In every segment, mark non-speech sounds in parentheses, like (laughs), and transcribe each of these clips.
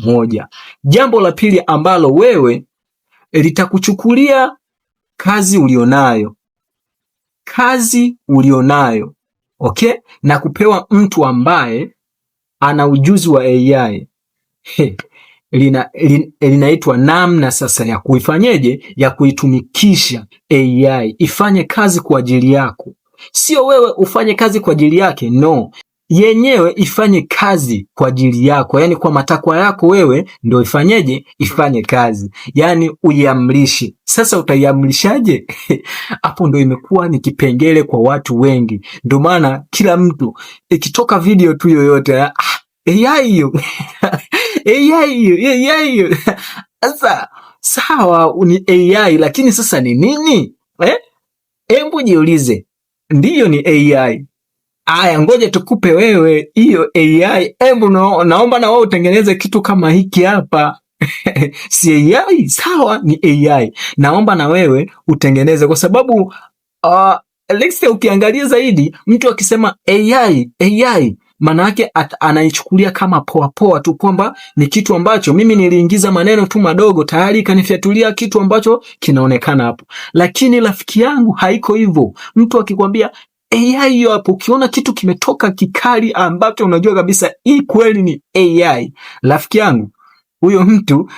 moja. Jambo la pili ambalo wewe eh, litakuchukulia kazi ulionayo, kazi ulionayo okay, na kupewa mtu ambaye ana ujuzi wa AI hey. lina, lin, linaitwa namna sasa ya kuifanyeje, ya kuitumikisha AI ifanye kazi kwa ajili yako, sio wewe ufanye kazi kwa ajili yake, no yenyewe ifanye kazi kwa ajili yako, yaani kwa matakwa yako wewe ndio ifanyeje? Ifanye kazi, yaani uiamrishi. Sasa utaiamrishaje? (laughs) Hapo ndio imekuwa ni kipengele kwa watu wengi. Ndio maana kila mtu ikitoka video tu yoyote, ah, AI hiyo AI (laughs) hiyo AI hiyo. (laughs) Sasa sawa, ni AI lakini sasa ni nini? Eh? Hebu eh, jiulize, ndiyo ni AI Aya, ngoja tukupe wewe hiyo AI. Hebu no, naomba na wewe utengeneze kitu kama hiki hapa. (laughs) Si AI? Sawa, ni AI. Naomba na wewe utengeneze kwa sababu uh, ah, Alexa ukiangalia zaidi, mtu akisema AI, AI maana yake anaichukulia kama poa poa tu, kwamba ni kitu ambacho mimi niliingiza maneno tu madogo tayari ikanifyatulia kitu ambacho kinaonekana hapo. Lakini rafiki yangu, haiko hivyo. Mtu akikwambia AI hiyo hapo, ukiona kitu kimetoka kikali ambacho unajua kabisa hii kweli ni AI, rafiki yangu, huyo mtu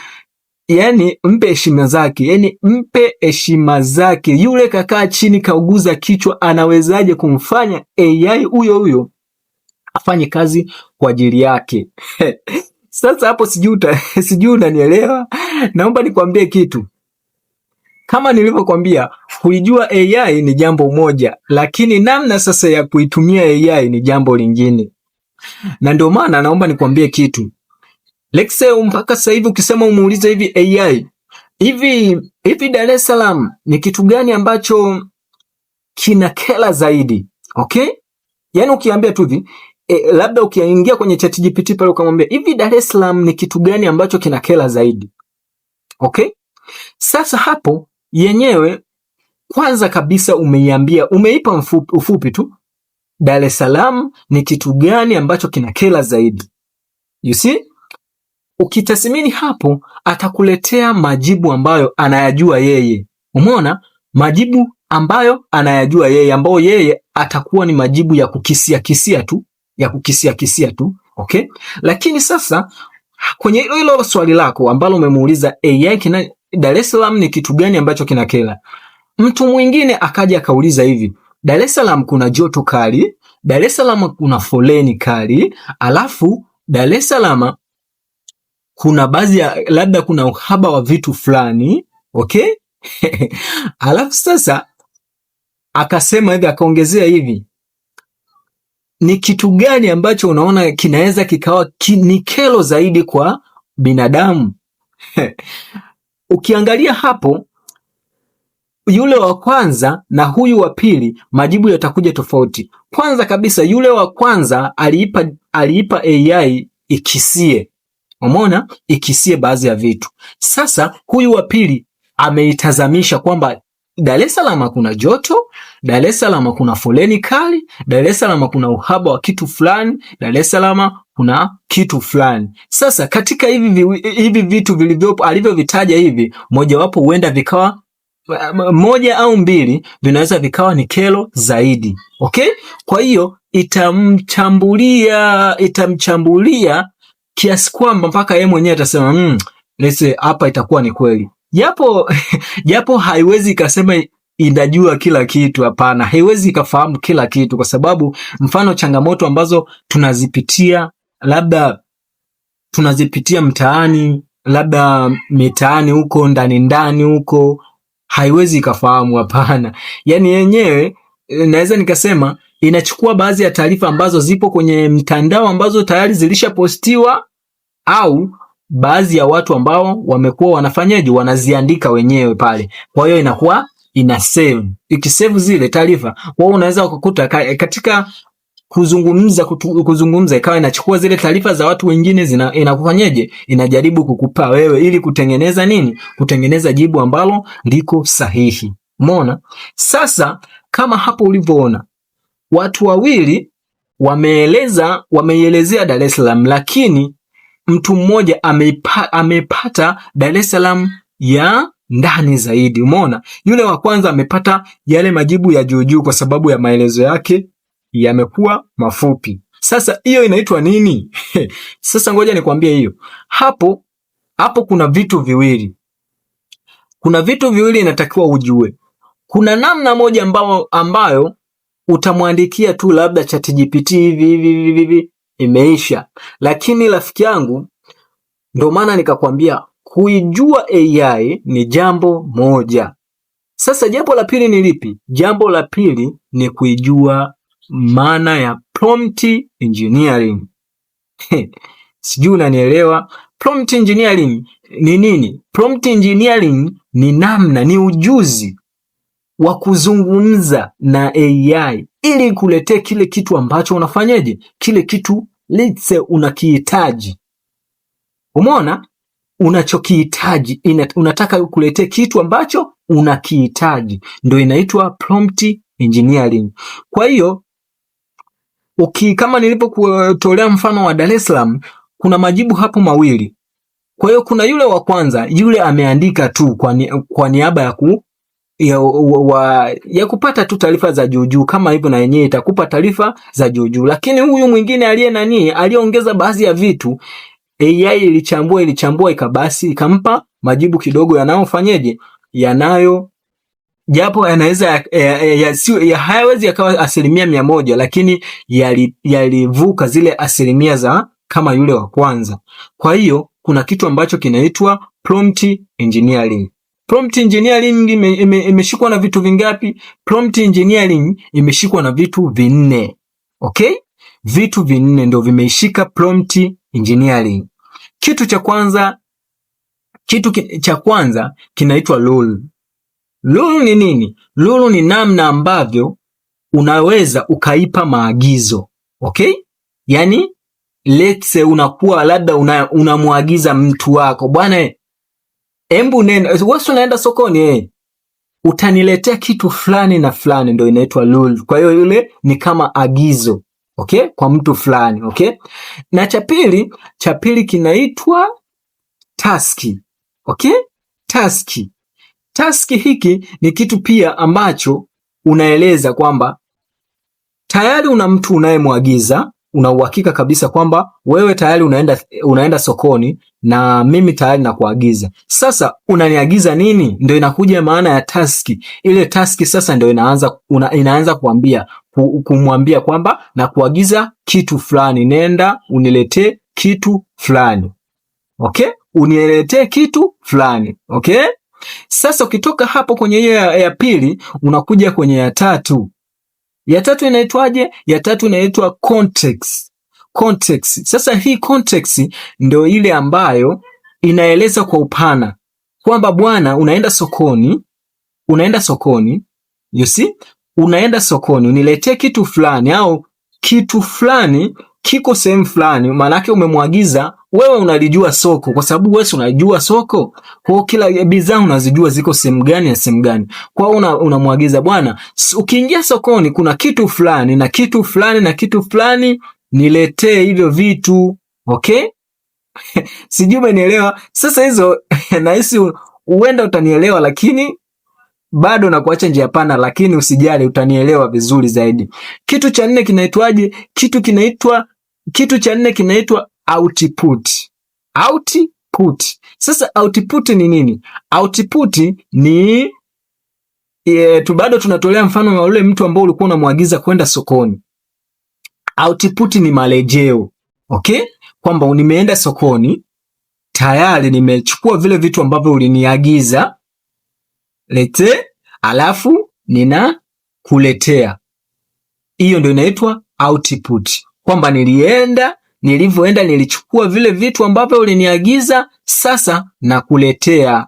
yani mpe heshima zake, yani mpe heshima zake. Yule kakaa chini kauguza kichwa, anawezaje kumfanya AI huyo huyo afanye kazi kwa ajili yake? (laughs) Sasa hapo sijui (laughs) sijui, unanielewa? Naomba nikwambie kitu kama nilivyokuambia, kuijua AI ni jambo moja, lakini namna sasa ya kuitumia AI ni jambo lingine, na ndio maana naomba nikwambie kitu Lexeo, mpaka sasa hivi ukisema umuulize hivi AI hivi hivi Dar es Salaam ni kitu gani ambacho kina kela zaidi? Okay, yani ukiambia tu hivi e, labda ukiingia kwenye ChatGPT pale ukamwambia hivi Dar es Salaam ni kitu gani ambacho kina kela zaidi? Okay, sasa hapo yenyewe kwanza kabisa umeiambia, umeipa mfupi, ufupi tu Dar es Salaam ni kitu gani ambacho kinakela zaidi. You see? Ukitathmini hapo atakuletea majibu ambayo anayajua yeye. Umeona? Majibu ambayo anayajua yeye ambayo yeye atakuwa ni majibu ya kukisia kisia tu, ya kukisia kisia tu. Okay? Lakini sasa kwenye hilo hilo swali lako ambalo umemuuliza eh, AI Dar es Salaam ni kitu gani ambacho kinakela Mtu mwingine akaja akauliza hivi, Dar es Salaam kuna joto kali, Dar es Salaam kuna foleni kali, alafu Dar es Salaam kuna baadhi ya labda kuna uhaba wa vitu fulani, okay? (laughs) alafu sasa akasema hivi akaongezea hivi, ni kitu gani ambacho unaona kinaweza kikawa ki, ni kero zaidi kwa binadamu? (laughs) Ukiangalia hapo yule wa kwanza na huyu wa pili, majibu yatakuja tofauti. Kwanza kabisa, yule wa kwanza aliipa aliipa AI ikisie, umeona, ikisie baadhi ya vitu. Sasa huyu wa pili ameitazamisha kwamba Dar es Salaam kuna joto, Dar es Salaam kuna foleni kali, Dar es Salaam kuna uhaba wa kitu fulani, Dar es Salaam kuna kitu fulani. Sasa katika hivi, hivi vitu vilivyopo alivyovitaja hivi, mojawapo huenda vikawa moja au mbili vinaweza vikawa ni kero zaidi. Okay? Kwa hiyo itamchambulia itamchambulia kiasi kwamba mpaka yeye mwenyewe atasema mm, hapa itakuwa ni kweli japo (laughs) japo haiwezi ikasema inajua kila kitu. Hapana, haiwezi ikafahamu kila kitu, kwa sababu mfano changamoto ambazo tunazipitia labda tunazipitia mtaani, labda mitaani huko ndani ndani huko, haiwezi ikafahamu. Hapana, yani yenyewe naweza nikasema inachukua baadhi ya taarifa ambazo zipo kwenye mtandao ambazo tayari zilishapostiwa au baadhi ya watu ambao wamekuwa wanafanyaje, wanaziandika wenyewe pale, kwa hiyo inakuwa ina save. Ikisave zile taarifa, hiyo unaweza ukakuta katika kuzungumza kutu, kuzungumza ikawa inachukua zile taarifa za watu wengine zina, inakufanyaje inajaribu kukupa wewe ili kutengeneza nini, kutengeneza jibu ambalo liko sahihi. Umeona? Sasa kama hapo ulivyoona watu wawili wameeleza wameielezea Dar es Salaam, lakini mtu mmoja amepata Dar es Salaam ya ndani zaidi. Umeona, yule wa kwanza amepata yale majibu ya juujuu kwa sababu ya maelezo yake yamekuwa mafupi. Sasa hiyo inaitwa nini? (laughs) Sasa ngoja nikwambie hiyo. Hapo hapo kuna vitu viwili, kuna vitu viwili inatakiwa ujue. Kuna namna moja ambayo, ambayo utamwandikia tu labda ChatGPT hivi hivi hivi imeisha. Lakini rafiki yangu, ndo maana nikakwambia kuijua AI ni jambo moja. Sasa jambo la pili ni lipi? Jambo la pili ni kuijua maana ya prompt engineering. Sijui unanielewa. Prompt engineering ni nini? Prompt engineering ni namna, ni ujuzi wa kuzungumza na AI ili kuletea kile kitu ambacho unafanyaje, kile kitu litse unakihitaji. Umeona, unachokihitaji unataka kuletee kitu ambacho unakihitaji, ndio inaitwa prompt engineering. Kwa hiyo uki, kama nilipokutolea mfano wa Dar es Salaam, kuna majibu hapo mawili. Kwa hiyo kuna yule wa kwanza, yule ameandika tu kwa, ni, kwa niaba ya ku ya, wa, wa, ya kupata tu taarifa za juujuu kama hivyo, na yenyewe itakupa taarifa za juujuu. Lakini huyu mwingine aliye nani, aliongeza baadhi ya vitu AI ilichambua ilichambua ikabasi ikampa majibu kidogo yanayofanyeje yanayo japo yanaweza ya, ya, ya, ya, hayawezi yakawa asilimia mia moja lakini yalivuka yali zile asilimia za kama yule wa kwanza. Kwa hiyo kuna kitu ambacho kinaitwa prompt engineering. Prompt engineering imeshikwa ime, ime na vitu vingapi? Prompt engineering imeshikwa na vitu vinne. Okay? Vitu vinne ndio vimeishika prompt engineering. Kitu cha kwanza, kitu ki, cha kwanza kinaitwa rule. Rule ni nini? Rule ni namna ambavyo unaweza ukaipa maagizo. Okay? Yaani let's say unakuwa labda unamwagiza una mtu wako bwana Embu nenda wewe, eh, unaenda sokoni eh, utaniletea kitu fulani na fulani, ndio inaitwa lulu. Kwa hiyo yule ni kama agizo okay, kwa mtu fulani okay. Na cha pili, cha pili kinaitwa taski okay, taski. Taski hiki ni kitu pia ambacho unaeleza kwamba tayari una mtu unayemwagiza, una uhakika kabisa kwamba wewe tayari unaenda, unaenda sokoni na mimi tayari nakuagiza. Sasa unaniagiza nini? Ndio inakuja maana ya taski. Ile taski sasa ndio inaanza una, inaanza kuambia kumwambia kwamba nakuagiza kitu fulani, nenda uniletee kitu fulani. Okay, uniletee kitu fulani. Okay, sasa ukitoka hapo kwenye hiyo ya pili unakuja kwenye ya tatu. Ya tatu inaitwaje? Ya tatu inaitwa context context. Sasa hii context ndio ile ambayo inaeleza kwa upana kwamba bwana, unaenda sokoni, unaenda sokoni, you see, unaenda sokoni uniletee kitu fulani, au kitu fulani kiko sehemu fulani. Maanake umemwagiza wewe, unalijua soko, kwa sababu wewe unajua soko. Kwa kila bidhaa unazijua ziko sehemu gani na sehemu gani. Kwa hiyo unamwagiza una bwana, ukiingia sokoni kuna kitu fulani na kitu fulani na kitu fulani niletee hivyo vitu okay? (laughs) Sijui umenielewa. Sasa hizo (laughs) nahisi huenda utanielewa, lakini bado nakuacha njia pana, lakini usijali, utanielewa vizuri zaidi. Kitu cha nne kinaitwaje? Kitu kinaitwa kitu cha nne kinaitwa output. Output. Sasa output ni nini? Output ni yeah, tu bado tunatolea mfano wa ule mtu ambao ulikuwa unamwagiza kwenda sokoni Output ni marejeo okay, kwamba nimeenda sokoni tayari nimechukua vile vitu ambavyo uliniagiza lete, alafu nina kuletea Hiyo ndio inaitwa output, kwamba nilienda, nilivyoenda nilichukua vile vitu ambavyo uliniagiza, sasa nakuletea.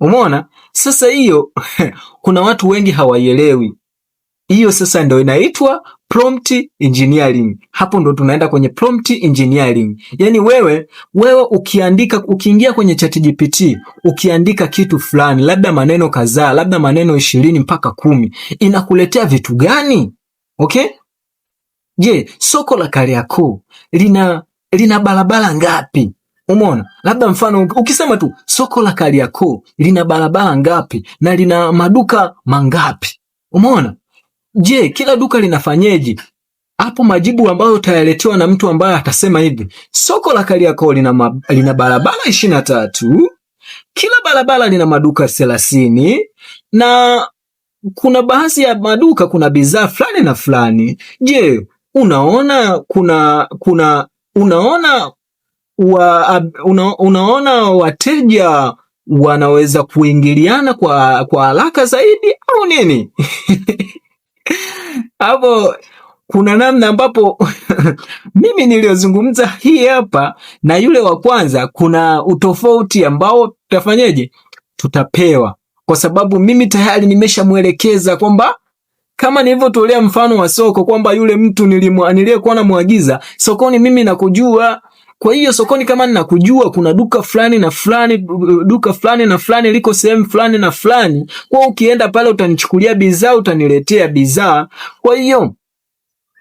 Umeona sasa hiyo (laughs) kuna watu wengi hawaielewi hiyo, sasa ndio inaitwa prompt engineering. Hapo ndo tunaenda kwenye prompt engineering. Yaani wewe wewe ukiandika ukiingia kwenye ChatGPT ukiandika kitu fulani, labda maneno kadhaa, labda maneno ishirini mpaka kumi, inakuletea vitu gani? Okay? Je, soko la Kariakoo lina lina barabara ngapi? Umeona, labda mfano ukisema tu soko la Kariakoo lina barabara ngapi na lina maduka mangapi? Umeona? Je, kila duka linafanyeje? Hapo majibu ambayo utayaletewa na mtu ambaye atasema hivi, soko la Kariakoo lina, lina barabara ishirini na tatu, kila barabara lina maduka thelathini na kuna baadhi ya maduka kuna bidhaa fulani na fulani. Je, unaona kuna kuna unaona wa, una, unaona wateja wanaweza kuingiliana kwa kwa haraka zaidi au nini? (laughs) hapo kuna namna ambapo (laughs) mimi niliyozungumza hii hapa na yule wa kwanza, kuna utofauti ambao tutafanyeje? Tutapewa, kwa sababu mimi tayari nimeshamwelekeza kwamba kama nilivyotolea mfano wa soko kwamba yule mtu niliyekuwa namwagiza sokoni, mimi nakujua kwa hiyo sokoni, kama ninakujua kuna duka fulani na fulani, duka fulani na fulani liko sehemu fulani na fulani, kwa ukienda pale utanichukulia bidhaa, utaniletea bidhaa. Kwa hiyo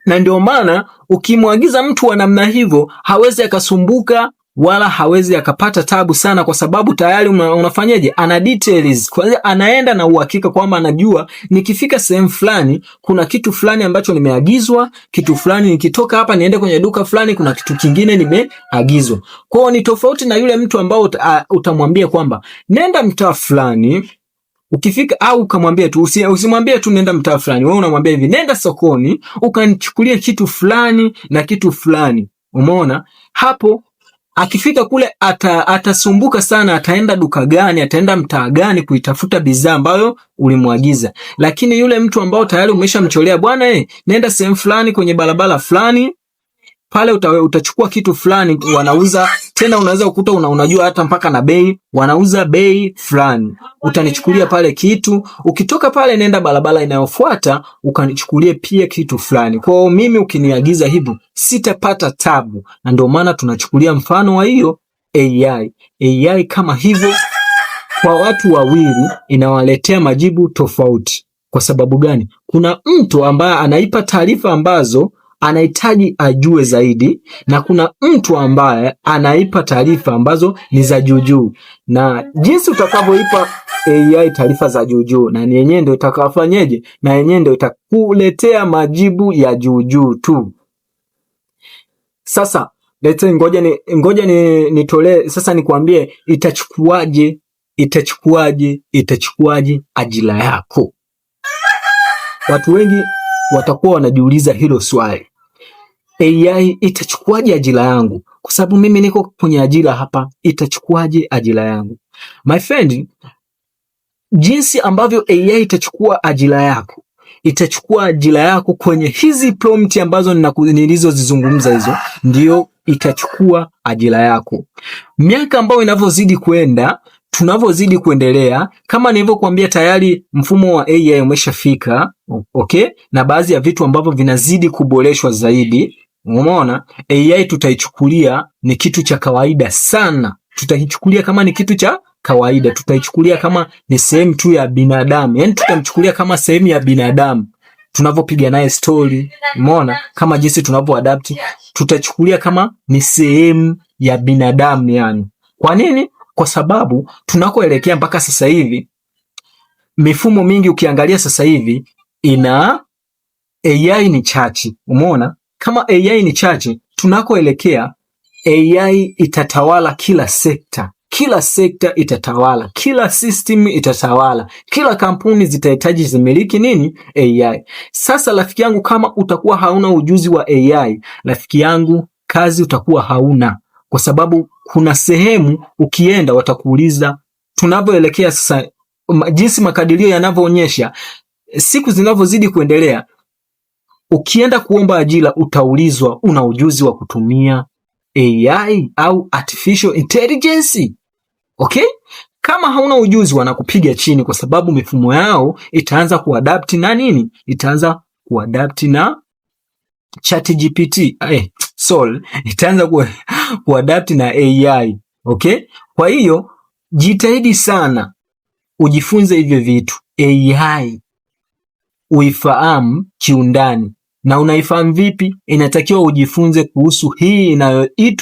na ndio maana ukimwagiza mtu wa namna hivyo hawezi akasumbuka wala hawezi akapata tabu sana, kwa sababu tayari unafanyaje, ana details kwa, hiyo anaenda na uhakika kwamba anajua nikifika sehemu fulani kuna kitu fulani ambacho nimeagizwa, kitu fulani nikitoka hapa niende kwenye duka fulani kuna kitu kingine nimeagizwa. Kwa hiyo ni tofauti na yule mtu ambao utamwambia kwamba nenda mtaa fulani ukifika au ukamwambia tu usi, usimwambie tu nenda mtaa fulani. Wewe unamwambia hivi, nenda sokoni ukanichukulie kitu fulani na kitu fulani. Umeona hapo akifika kule ata, atasumbuka sana. Ataenda duka gani? Ataenda mtaa gani kuitafuta bidhaa ambayo ulimwagiza? Lakini yule mtu ambao tayari umeshamcholea bwana, eh, nenda sehemu fulani kwenye barabara fulani pale utawe, utachukua kitu fulani wanauza tena, unaweza ukuta una, unajua hata mpaka na bei wanauza bei fulani, utanichukulia pale kitu. Ukitoka pale, nenda barabara inayofuata ukanichukulie pia kitu fulani. Kwa hiyo mimi ukiniagiza hivyo sitapata tabu, na ndio maana tunachukulia mfano wa hiyo AI. AI kama hivyo kwa watu wawili inawaletea majibu tofauti. Kwa sababu gani? Kuna mtu ambaye anaipa taarifa ambazo anahitaji ajue zaidi, na kuna mtu ambaye anaipa taarifa ambazo ni za juujuu, na jinsi utakavyoipa AI taarifa za juujuu, na yenyewe ndio itakafanyeje, na yenyewe ndio itakuletea majibu ya juujuu tu. Sasa lete, ngoja ni ngoja ni nitolee sasa, nikwambie itachukuaje, itachukuaje, itachukuaje ajira yako. Watu wengi watakuwa wanajiuliza hilo swali. AI itachukuaje ajira yangu? Kwa sababu mimi niko kwenye ajira hapa, itachukuaje ajira yangu? My friend, jinsi ambavyo AI itachukua ajira yako itachukua ajira yako kwenye hizi prompt ambazo nilizozizungumza, hizo ndio itachukua ajira yako. Miaka ambayo inavyozidi kwenda, tunavyozidi kuendelea, kama nilivyokuambia tayari, mfumo wa AI umeshafika okay, na baadhi ya vitu ambavyo vinazidi kuboreshwa zaidi Umeona, AI tutaichukulia ni kitu cha kawaida sana, tutaichukulia kama ni kitu cha kawaida, tutaichukulia kama ni sehemu tu ya binadamu, yani tutamchukulia kama sehemu ya binadamu tunavyopiga naye stori, umeona, kama jinsi tunavyoadapt, tutachukulia kama ni sehemu ya binadamu yani. Kwa nini? Kwa sababu tunakoelekea mpaka sasa hivi mifumo mingi ukiangalia sasa hivi ina AI ni chachi, umeona kama AI ni chache, tunakoelekea AI itatawala kila sekta, kila sekta itatawala, kila system itatawala, kila kampuni zitahitaji zimiliki nini? AI. Sasa rafiki yangu, kama utakuwa hauna ujuzi wa AI, rafiki yangu, kazi utakuwa hauna, kwa sababu kuna sehemu ukienda watakuuliza tunavyoelekea sasa, jinsi makadirio yanavyoonyesha siku zinavyozidi kuendelea Ukienda kuomba ajira utaulizwa una ujuzi wa kutumia AI au artificial intelligence. Okay? Kama hauna ujuzi wanakupiga chini kwa sababu mifumo yao itaanza kuadapti na nini? Itaanza kuadapti na ChatGPT. Eh, sol, itaanza ku, kuadapti na AI. Okay? Kwa hiyo jitahidi sana ujifunze hivyo vitu AI uifahamu kiundani na unaifahamu vipi? Inatakiwa ujifunze kuhusu hii inayoitwa